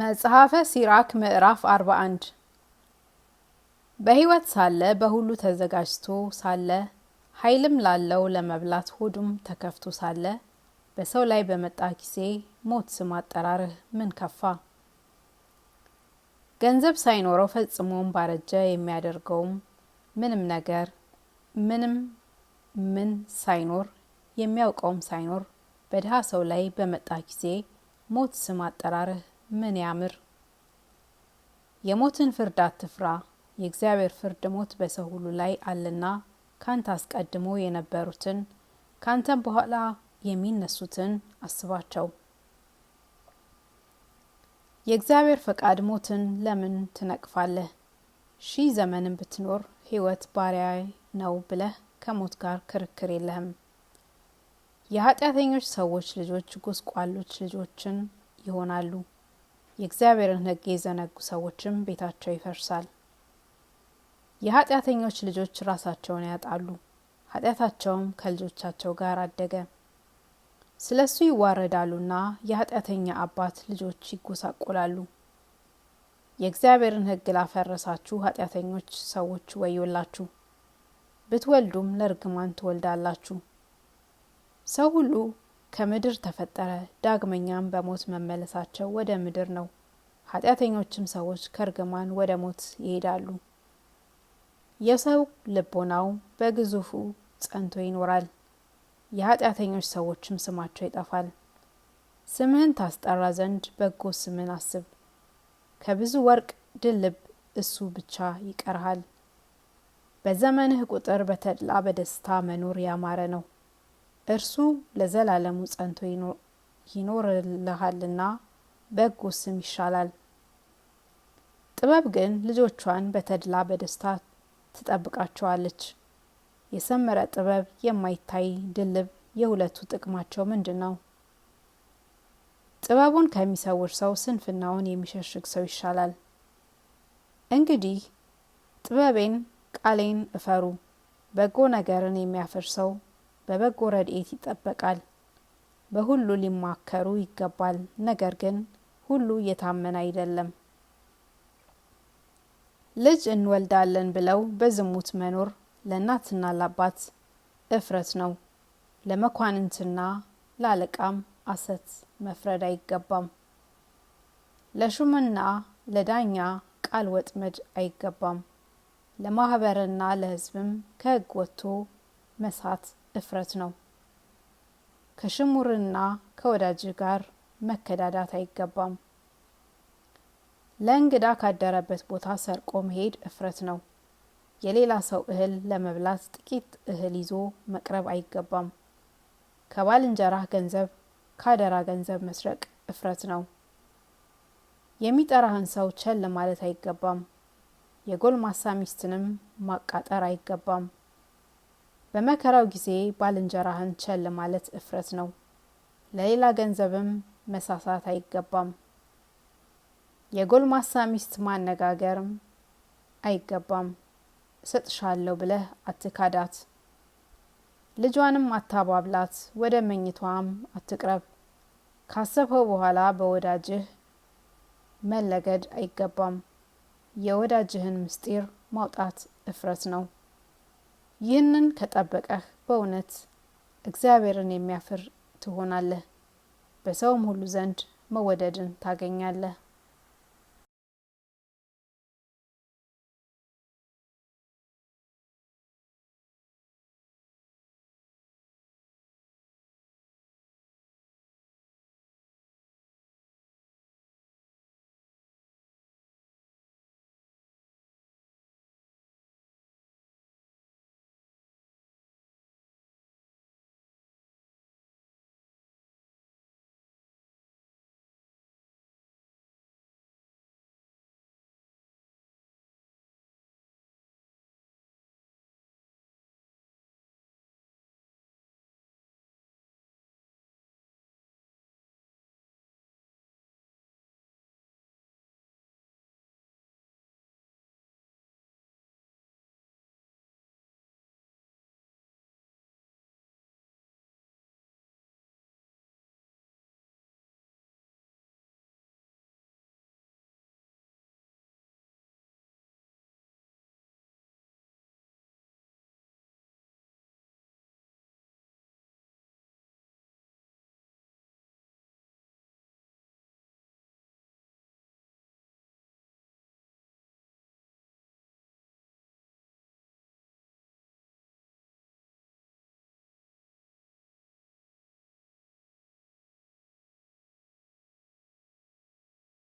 መጽሐፈ ሲራክ ምዕራፍ 41 በሕይወት ሳለ በሁሉ ተዘጋጅቶ ሳለ ኃይልም ላለው ለመብላት ሆዱም ተከፍቶ ሳለ በሰው ላይ በመጣ ጊዜ ሞት ስም አጠራርህ ምን ከፋ። ገንዘብ ሳይኖረው ፈጽሞም ባረጀ የሚያደርገውም ምንም ነገር ምንም ምን ሳይኖር የሚያውቀውም ሳይኖር በድሃ ሰው ላይ በመጣ ጊዜ ሞት ስም አጠራርህ ምን ያምር! የሞትን ፍርድ አትፍራ፣ የእግዚአብሔር ፍርድ ሞት በሰው ሁሉ ላይ አለና ካንተ አስቀድሞ የነበሩትን ካንተም በኋላ የሚነሱትን አስባቸው። የእግዚአብሔር ፈቃድ ሞትን ለምን ትነቅፋለህ? ሺህ ዘመንን ብትኖር ሕይወት ባሪያ ነው ብለህ ከሞት ጋር ክርክር የለህም። የኃጢአተኞች ሰዎች ልጆች ጎስቋሎች ልጆችን ይሆናሉ። የእግዚአብሔርን ሕግ የዘነጉ ሰዎችም ቤታቸው ይፈርሳል። የኃጢአተኞች ልጆች ራሳቸውን ያጣሉ፣ ኃጢአታቸውም ከልጆቻቸው ጋር አደገ። ስለ እሱ ይዋረዳሉና የኃጢአተኛ አባት ልጆች ይጎሳቆላሉ። የእግዚአብሔርን ህግ ላፈረሳችሁ ኃጢአተኞች ሰዎች ወዮላችሁ፣ ብትወልዱም ለርግማን ትወልዳላችሁ። ሰው ሁሉ ከምድር ተፈጠረ፣ ዳግመኛም በሞት መመለሳቸው ወደ ምድር ነው። ኃጢአተኞችም ሰዎች ከርግማን ወደ ሞት ይሄዳሉ። የሰው ልቦናው በግዙፉ ጸንቶ ይኖራል፣ የኃጢአተኞች ሰዎችም ስማቸው ይጠፋል። ስምህን ታስጠራ ዘንድ በጎ ስምን አስብ። ከብዙ ወርቅ ድልብ እሱ ብቻ ይቀርሃል። በዘመንህ ቁጥር በተድላ በደስታ መኖር ያማረ ነው። እርሱ ለዘላለሙ ጸንቶ ይኖርልሃልና በጎ ስም ይሻላል። ጥበብ ግን ልጆቿን በተድላ በደስታ ትጠብቃቸዋለች። የሰመረ ጥበብ የማይታይ ድልብ የሁለቱ ጥቅማቸው ምንድን ነው? ጥበቡን ከሚሰውር ሰው ስንፍናውን የሚሸሽግ ሰው ይሻላል። እንግዲህ ጥበቤን ቃሌን እፈሩ። በጎ ነገርን የሚያፈር ሰው በበጎ ረድኤት ይጠበቃል። በሁሉ ሊማከሩ ይገባል። ነገር ግን ሁሉ የታመነ አይደለም። ልጅ እንወልዳለን ብለው በዝሙት መኖር ለእናትና ለአባት እፍረት ነው። ለመኳንንትና ለአለቃም አሰት መፍረድ አይገባም። ለሹምና ለዳኛ ቃል ወጥመድ አይገባም። ለማህበርና ለሕዝብም ከህግ ወጥቶ መሳት እፍረት ነው። ከሽሙርና ከወዳጅ ጋር መከዳዳት አይገባም። ለእንግዳ ካደረበት ቦታ ሰርቆ መሄድ እፍረት ነው። የሌላ ሰው እህል ለመብላት ጥቂት እህል ይዞ መቅረብ አይገባም። ከባልንጀራህ ገንዘብ፣ ካደራ ገንዘብ መስረቅ እፍረት ነው። የሚጠራህን ሰው ቸል ማለት አይገባም። የጎልማሳ ሚስትንም ማቃጠር አይገባም። በመከራው ጊዜ ባልንጀራህን ቸል ማለት እፍረት ነው። ለሌላ ገንዘብም መሳሳት አይገባም። የጎልማሳ ሚስት ማነጋገርም አይገባም። እሰጥሻለሁ ብለህ አትካዳት። ልጇንም አታባብላት፣ ወደ መኝቷም አትቅረብ። ካሰብኸው በኋላ በወዳጅህ መለገድ አይገባም። የወዳጅህን ምስጢር ማውጣት እፍረት ነው። ይህንን ከጠበቀህ በእውነት እግዚአብሔርን የሚያፍር ትሆናለህ፣ በሰውም ሁሉ ዘንድ መወደድን ታገኛለህ።